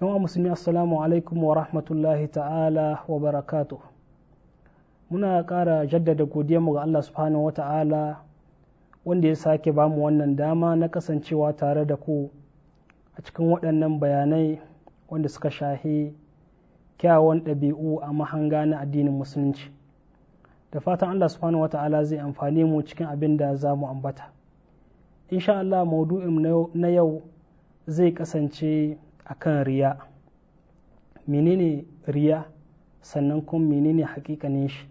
yan musulmi assalamu alaikum wa rahmatullahi ta'ala wa barakatu muna ƙara jaddada godiyarmu ga Allah subhanahu wa ta'ala wanda ya sake bamu wannan dama na kasancewa tare da ku a cikin waɗannan bayanai wanda suka shahi kyawun ɗabi'u a mahanga na addinin musulunci da fatan Allah subhanahu wa ta'ala zai amfani mu cikin abin da za mu ambata insha Allah na yau zai kasance a kan riya menene riya sannan kuma menene hakikanin shi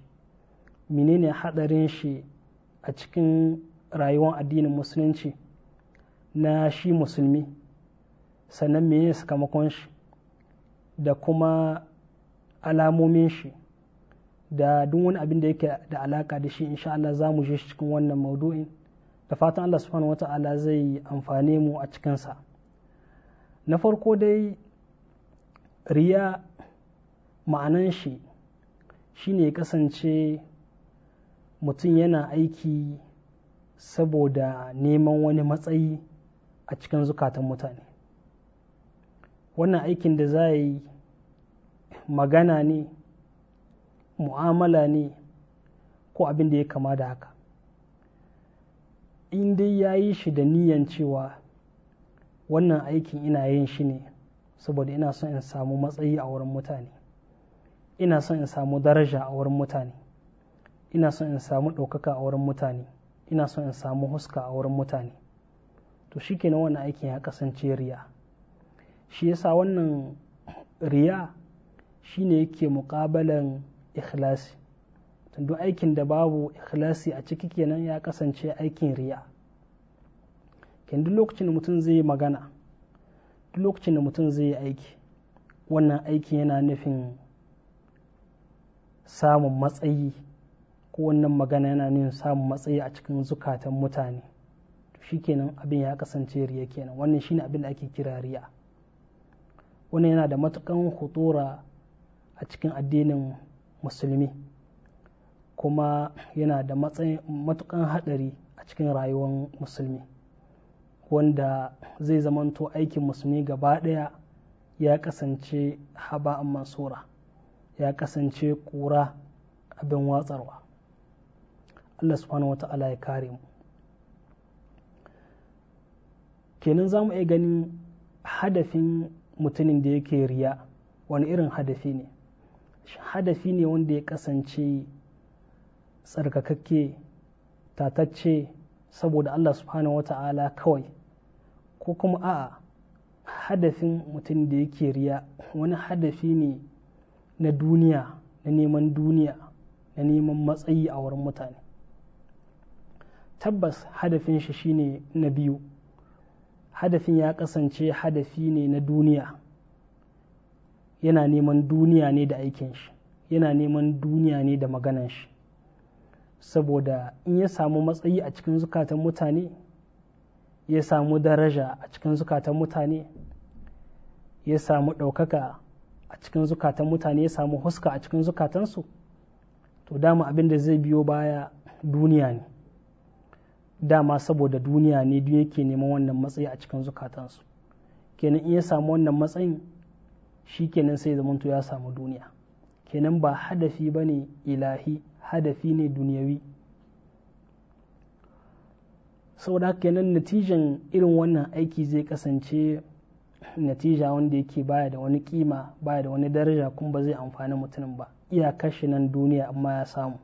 menene hadarin shi a cikin rayuwar addinin musulunci na shi musulmi sannan menene sakamakon shi da kuma alamomin shi da duk wani abin da yake da alaka da shi insha Allah za mu je cikin wannan maudu'in da fatan Allah subhanahu ta'ala zai amfane mu a cikinsa na farko dai riya ma'anan shi shine ya kasance mutum yana aiki saboda neman wani matsayi a cikin zukatan mutane wannan aikin da za yi magana ne mu'amala ne ko abin da ya kama da haka in dai ya yi shi da niyan cewa wannan aikin ina yin shi ne saboda ina son in samu matsayi a wurin mutane ina son in samu daraja a wurin mutane ina son in samu ɗaukaka a wurin mutane ina son in samu huska a wurin mutane to shi kenan wannan aikin ya kasance riya shi yasa wannan riya shi ne yake muƙabalan ikhlasi duk aikin da babu ikhlasi a ciki kenan ya kasance aikin riya kin duk lokacin da mutum zai magana duk lokacin da mutum zai aiki wannan aiki yana nufin samun matsayi ko wannan magana yana nufin samun matsayi a cikin zukatan mutane to shikenan abin ya kasance riya kenan wannan shine abin da ake kira riya wannan yana da matukan hutura a cikin addinin musulmi kuma yana da matukan hadari a cikin rayuwar musulmi wanda zai zamanto aikin musulmi gaba ɗaya ya kasance haba mansura ya kasance ƙura abin watsarwa Allah subhanahu ta'ala ya kare mu kenan za mu iya ganin hadafin mutumin da yake riya wani irin hadafi ne hadafi ne wanda ya kasance tsarkakakke tatacce saboda Allah subhanahu ta'ala kawai ko kuma a hadafin mutum da yake riya wani hadafi ne na duniya na neman duniya na neman matsayi a wurin mutane tabbas hadafin shi shine na biyu hadafin ya kasance hadafi ne na duniya yana neman duniya ne da aikin shi yana neman duniya ne da maganan shi saboda in ya samu matsayi a cikin zukatan mutane ya samu daraja a cikin zukatan mutane ya samu ɗaukaka a cikin zukatan mutane ya samu huska a cikin zukatansu to dama abin da zai biyo baya duniya ne dama saboda duniya ne duk ke neman wannan matsayi a cikin zukatansu kenan in ya samu wannan matsayin shi kenan sai zamanto ya samu duniya kenan ba hadafi ba ne ilahi hadafi ne duniyawi saboda haka kenan natijan irin wannan aiki zai kasance natija wanda yake baya da wani kima baya da wani daraja kuma ba zai amfani mutumin ba iya kashe nan duniya amma ya samu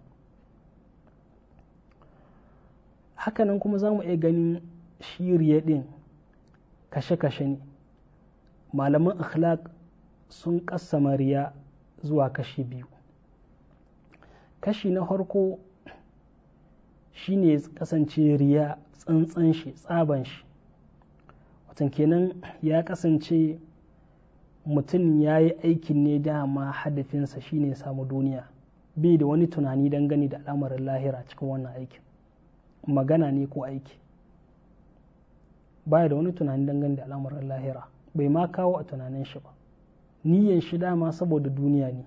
hakanan kuma za mu iya ganin shiriya din kashe-kashe ne malaman akhlaq sun kasa mariya zuwa kashi biyu kashi na farko shine ya kasance riya tsantsan shi tsaban shi watan kenan ya kasance mutum ya yi aikin ne dama hadafinsa shine ya samu duniya bai da wani tunani dangane da al'amarin lahira cikin wannan aikin magana ne ko aiki baya da wani tunani dangane da al'amarin lahira bai ma kawo a tunanin shi ba niyan shi dama saboda duniya ne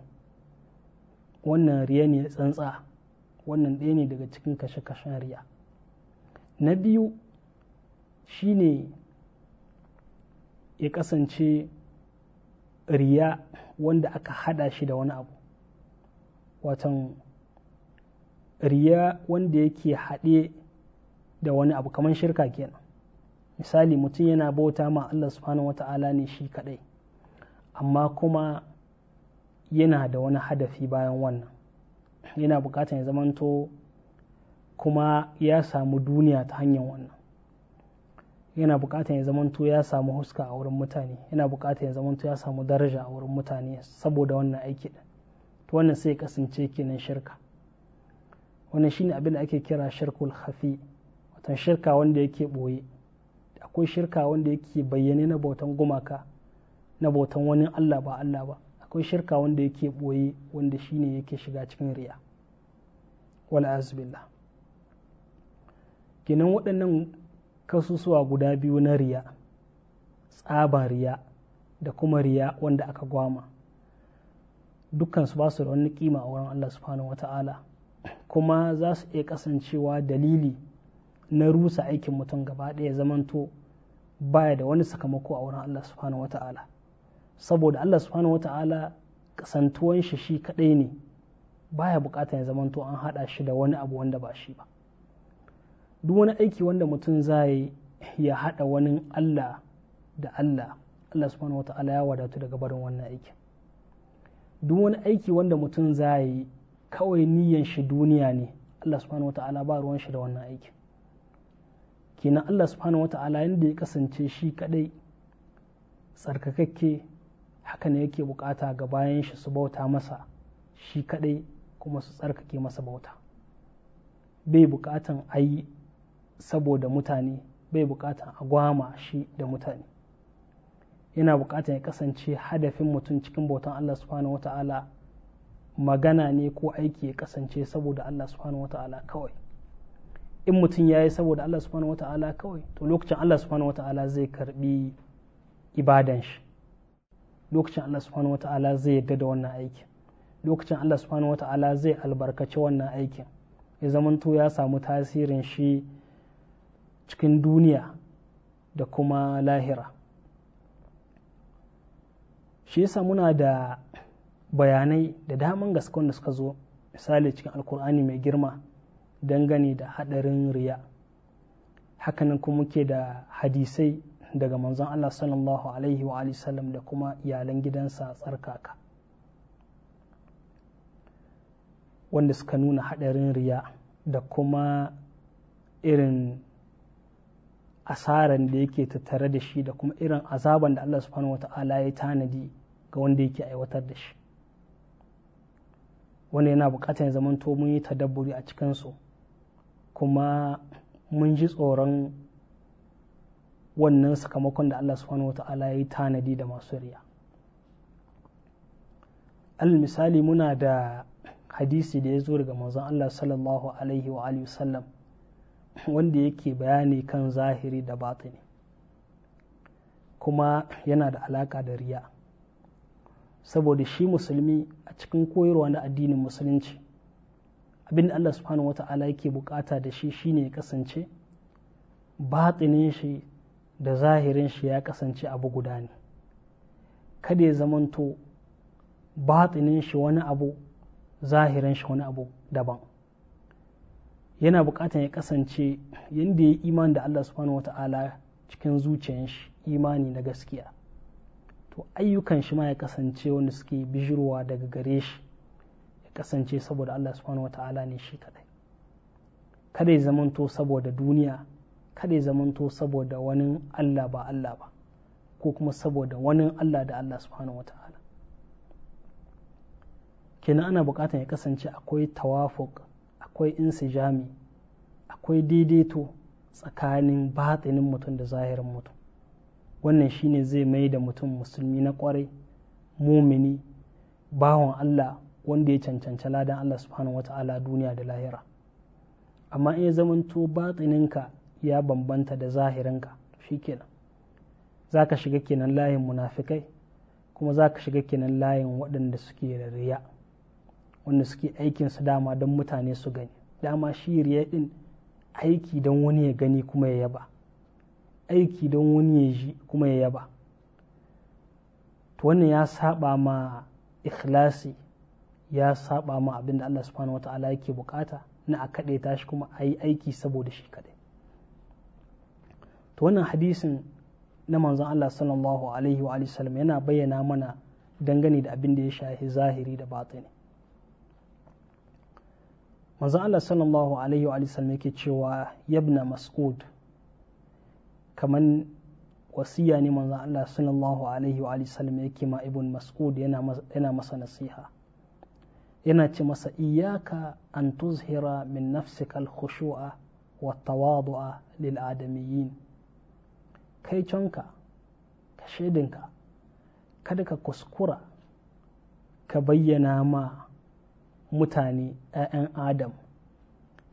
wannan riya ne tsantsa wannan ɗaya ne daga cikin kashe-kashen riya na biyu shi ne ya kasance riya wanda aka hada shi da wani abu watan riya wanda yake haɗe da wani abu kamar shirka kenan misali mutum yana bauta ma Allah subhanahu ta'ala ne shi kaɗai amma kuma yana da wani hadafi bayan wannan yana bukatar ya zamanto kuma ya samu duniya ta hanyar wannan yana bukatar ya zamanto ya samu huska a wurin mutane yana bukatar ya zamanto ya samu daraja a wurin mutane saboda wannan aiki da to wannan sai kasance kenan shirka wannan shine abin da ake kira shirkul khafi wata shirka wanda yake boye akwai shirka wanda yake bayyane na bautan gumaka na bautan wani Allah ba Allah ba akwai shirka wanda yake ɓoye wanda shine yake shiga cikin riya wal'azubillah ginin waɗannan kasusuwa guda biyu na riya tsaban riya da kuma riya wanda aka gwama dukkan su ba su da wani kima a wurin Allah subhanahu wata'ala kuma za su iya kasancewa dalili na rusa aikin mutum gaba ɗaya zamanto baya da wani sakamako a wurin Allah subhanahu wata'ala saboda Allah subhanahu ta'ala kasantuwan shi shi kadai ne baya bukata ya zamanto an haɗa shi da wani abu wanda ba shi ba duk wani aiki wanda mutum zai ya haɗa wani Allah da Allah Allah subhanahu ta'ala ya wadatu daga barin wannan aikin duk wani aiki wanda mutum zai kawai niyan shi duniya ne Allah subhanahu ta'ala ba ruwan shi da wannan aikin kenan Allah subhanahu ta'ala yanda ya kasance shi kadai tsarkakakke haka ne yake bukata ga bayan shi su bauta masa shi kadai kuma su tsarkake masa bauta bai bukatan a yi saboda mutane bai bukatan a gwama shi da mutane yana bukatan ya kasance hadafin mutum cikin bautan Allah subhanahu wata'ala magana ne ko aiki ya kasance saboda Allah subhanahu wata'ala kawai in mutum ya yi saboda Allah subhanahu wata'ala kawai to lokacin Allah subhanahu wata'ala zai karbi ibadan shi lokacin Allah subhanahu wata'ala zai yarda da wannan aikin lokacin Allah subhanahu wata'ala zai albarkaci wannan aikin ya zamanto ya samu tasirin shi cikin duniya da kuma lahira shi yasa muna da bayanai da daman gaskon da suka zo misali cikin alkur'ani mai girma dangane da haɗarin riya hakanan kuma muke da hadisai daga manzon Allah sallallahu alaihi wa sallam da kuma iyalan gidansa tsarkaka wanda suka nuna haɗarin riya da kuma irin asaran da yake tattare da shi da kuma irin azaban da Allah subhanahu wata'ala ya tanadi ga wanda yake aiwatar da shi wanda yana bukatar ya zamanto mun yi tadabburi a cikinsu kuma mun ji tsoron wannan sakamakon da Allah subhanahu ta'ala ya yi tanadi da masu riya al misali muna da hadisi da ya zo daga manzon Allah sallallahu alaihi wa alihi sallam wanda yake bayani kan zahiri da batini kuma yana da alaka da riya saboda shi musulmi a cikin koyarwa na addinin musulunci abin da Allah subhanahu ta'ala yake bukata da shi shine ya kasance batinin shi da zahirin shi ya kasance abu guda ne kada ya zamanto batinin shi wani abu zahirin shi wani abu daban yana bukatan ya kasance yadda ya imani da Allah subhanahu wa ta'ala cikin zuciyar shi imani na gaskiya to ayyukan shi ma ya kasance wani suke bijirwa daga gare shi ya kasance saboda Allah subhanahu wa ta'ala ne shi kadai kada ya zamanto saboda duniya kada ya zamanto saboda wani Allah ba Allah ba ko kuma saboda wani Allah da Allah subhanahu ta'ala kenan ana bukatar ya kasance akwai tawafuk akwai insijami akwai daidaito tsakanin batinin mutum da zahirin mutum wannan shine zai mai da mutum musulmi na kwarai mumini bawon Allah wanda ya cancanci ladan Allah subhanahu ta'ala duniya da lahira amma in ya zamanto batininka ya bambanta da zahirinka shi kenan za ka shiga kenan layin munafikai kuma za ka shiga kenan layin waɗanda suke da riya wanda suke aikin su dama don mutane su gani dama shi riya ɗin aiki don wani ya gani kuma ya yaba aiki don wani ya ji kuma ya yaba to wannan ya saba ma ikhlasi ya saba ma abin da Allah subhanahu wata'ala yake bukata na a kaɗe tashi kuma a yi aiki saboda shi kaɗai to wannan hadisin na manzon Allah sallallahu alaihi wa sallam yana bayyana mana dangane da abin da ya shafi zahiri da batini manzon Allah sallallahu alaihi wa sallam yake cewa yabna mas'ud kaman wasiya ne manzon Allah sallallahu alaihi wa sallam yake ma ibn mas'ud yana masa nasiha yana ce masa iyaka an tuzhira min nafsika al-khushu'a wa tawadu'a lil adamiyyin kai conka ka shaidinka kada ka kuskura ka bayyana ma mutane 'ya'yan adam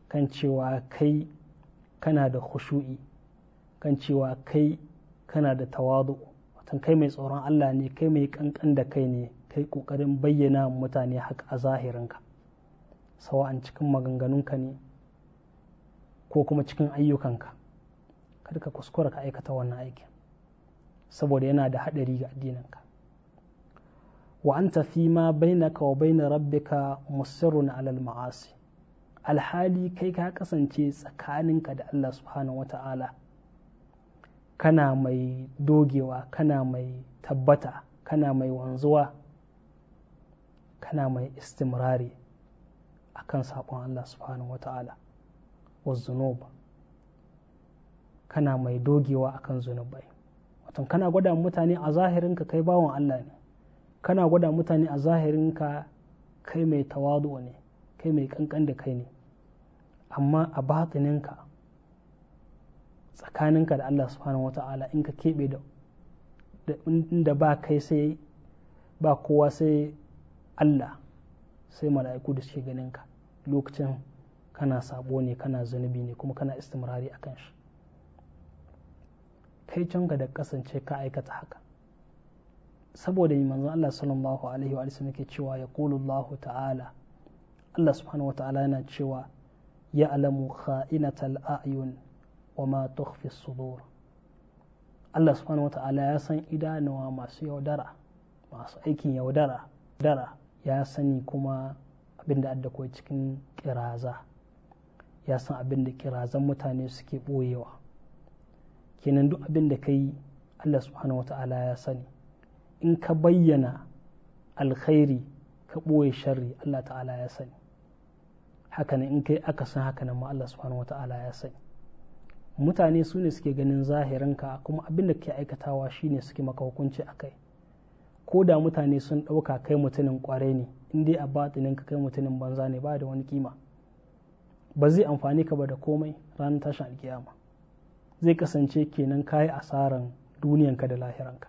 kan cewa kai kana da khushu'i kan cewa kai kana da tawadu watan kai mai tsoron Allah ne kai mai kankan da kai ne kai kokarin bayyana mutane haka a zahirinka sawa'an cikin maganganunka ne ko kuma cikin ayyukanka kada ka kuskura ka aikata wannan aikin saboda yana da haɗari ga addininka wa anta fi ma ka wa baina rabbika musirrun alal ma'asi alhali kai ka kasance tsakaninka da Allah subhanahu wata'ala kana mai dogewa kana mai tabbata kana mai wanzuwa kana mai istimrari akan saƙon Allah subhanahu wata'ala wa zunuba kana mai dogewa akan zunubai watan kana gwada mutane a zahirinka kai bawan Allah ne kana gwada mutane a zahirinka kai mai tawadu ne kai mai kankan da kai ne amma a batininka tsakaninka da Allah subhanahu wata'ala in ka keɓe da inda ba kai sai ba kowa sai Allah sai mala'iku da suke ganinka lokacin kana sabo ne kana zunubi ne kuma kana istimrari akan shi kai canka da kasance ka aikata haka saboda manzon Allah sallallahu alaihi wa sallam yake cewa ya Allah ta'ala Allah subhanahu wa ta'ala yana cewa ya alamu kha'inatal a'yun wa ma tukhfi sudur Allah subhanahu wa ta'ala ya san idanuwa masu yaudara masu aikin yaudara dara ya sani kuma abin da adda cikin kiraza ya san abin da kirazan mutane suke boyewa kenan duk abin da ka yi Allah subhanahu wata'ala ya sani in ka bayyana alkhairi ka ɓoye sharri Allah ta'ala ya sani hakanan in kai akasin hakanan ma Allah subhanahu wata'ala ya sani mutane su ne suke ganin zahirinka kuma abin da ke aikatawa shine suke maka hukunci a kai ko da mutane sun ɗauka kai mutumin ƙwarai ne in dai a batinin ka kai mutumin banza ne ba da wani kima ba zai amfani ka ba da komai ranar tashin alkiyama zai kasance kenan ka yi asaran duniyanka da lahiranka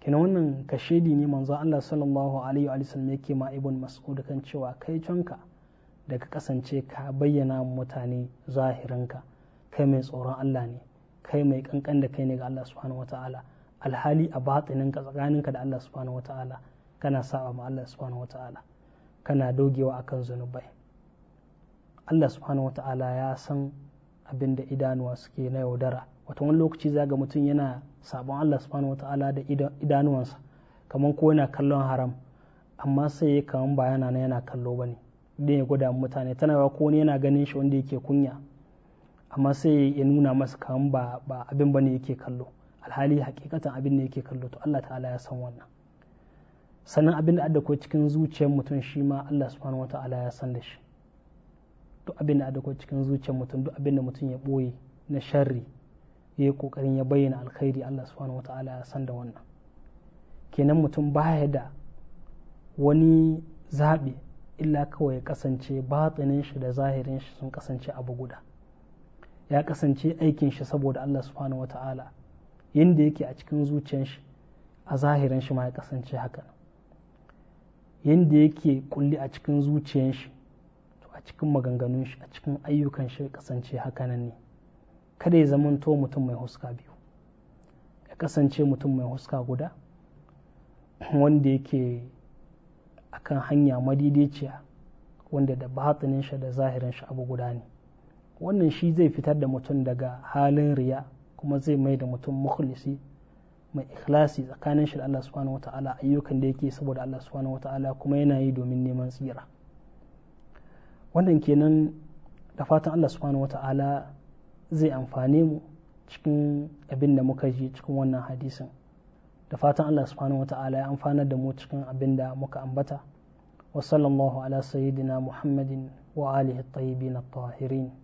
kenan wannan kashedi ne manzo Allah sallallahu alaihi wa sallam yake ma ibn mas'ud kan cewa kai canka da ka kasance ka bayyana mutane zahirinka kai mai tsoron Allah ne kai mai kankan da kai ne ga Allah subhanahu wataala alhali a batsininka tsakaninka da Allah subhanahu wataala kana saba ma Allah subhanahu wataala kana dogewa akan zunubai Allah subhanahu wataala ya san abin da idanuwa suke na yaudara wata wani lokaci za ga mutum yana sabon Allah subhanahu wa ta'ala da idanuwansa kamar ko yana kallon haram amma sai ya kamar ba yana na yana kallo ba ne idan ya gwada mutane tana yawa ko yana ganin shi wanda yake kunya amma sai ya nuna masa kaman ba ba abin bane yake kallo alhali hakikatan abin ne yake kallo to Allah ta'ala ya san wannan sannan abin da adda ko cikin zuciyar mutum shi ma Allah subhanahu wa ta'ala ya san da shi duk abin da adako cikin zuciyar mutum duk abin da mutum ya ɓoye na sharri ya yi ƙoƙarin ya bayyana alkhairi Allah subhanahu wata'ala ya san da wannan kenan mutum baya da wani zaɓi illa kawai ya kasance batsinin shi da zahirin shi sun kasance abu guda ya kasance aikin shi saboda Allah subhanahu wata'ala yadda yake a cikin zuciyar shi a zahirin shi ma ya kasance haka yadda yake kulli a cikin zuciyar shi cikin maganganun shi a cikin ayyukan shi kasance hakanan ne kada ya zamanto mutum mai huska biyu ya kasance mutum mai huska guda wanda yake akan hanya madidiciya wanda da batinin shi da zahirin shi abu guda ne wannan shi zai fitar da mutum daga halin riya kuma zai mai da mutum mukhlisi mai ikhlasi tsakanin shi da Allah subhanahu wata'ala ayyukan da yake saboda Allah subhanahu wata'ala kuma yana yi domin neman tsira wannan kenan da fatan Allah subhanahu wata'ala zai amfane mu cikin abin da muka ji cikin wannan hadisin da fatan Allah subhanahu wata'ala ya amfanar da mu cikin abin da muka ambata wa sallallahu ala sayyidina muhammadin wa alihi at-tayyibin at-tahirin